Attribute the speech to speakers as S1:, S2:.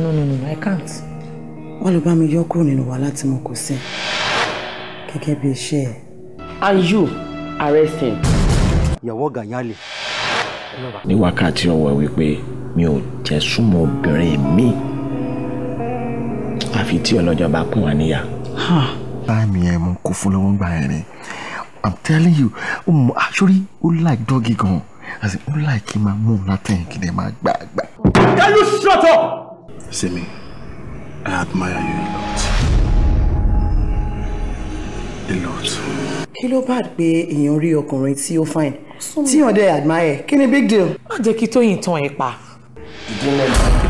S1: no no no I can't. What lọ bá mi yọ kúrò nínú wàhálà tí mo kò sí
S2: gẹ́gẹ́ and you arrest him. ìyàwó ọ̀gá yálè.
S3: ní wákàtí ọwọ́ wípé mi ò jẹ́ súnmọ́ obìnrin mi àfi tí ọlọ́jọ́ bá pọ̀ wá níyà. báàmì ẹ̀
S4: mo kò fún lọ́wọ́ gbà ẹ̀ i'm telling you ó mọ àṣírí ah, ó like dọ́gì gan-an ó like kí n máa mú un látẹ̀yìn kí n máa
S5: can you shut up.
S1: Simi, I admire you a lot. A lot. Kí ló bá pé èèyàn rí ọkùnrin tí ó fine? Tí èèyàn dẹ̀ admire, kí ni big deal? Má jẹ́ kí Tóyìn tán ẹ̀ pa.
S3: Ìdílé náà.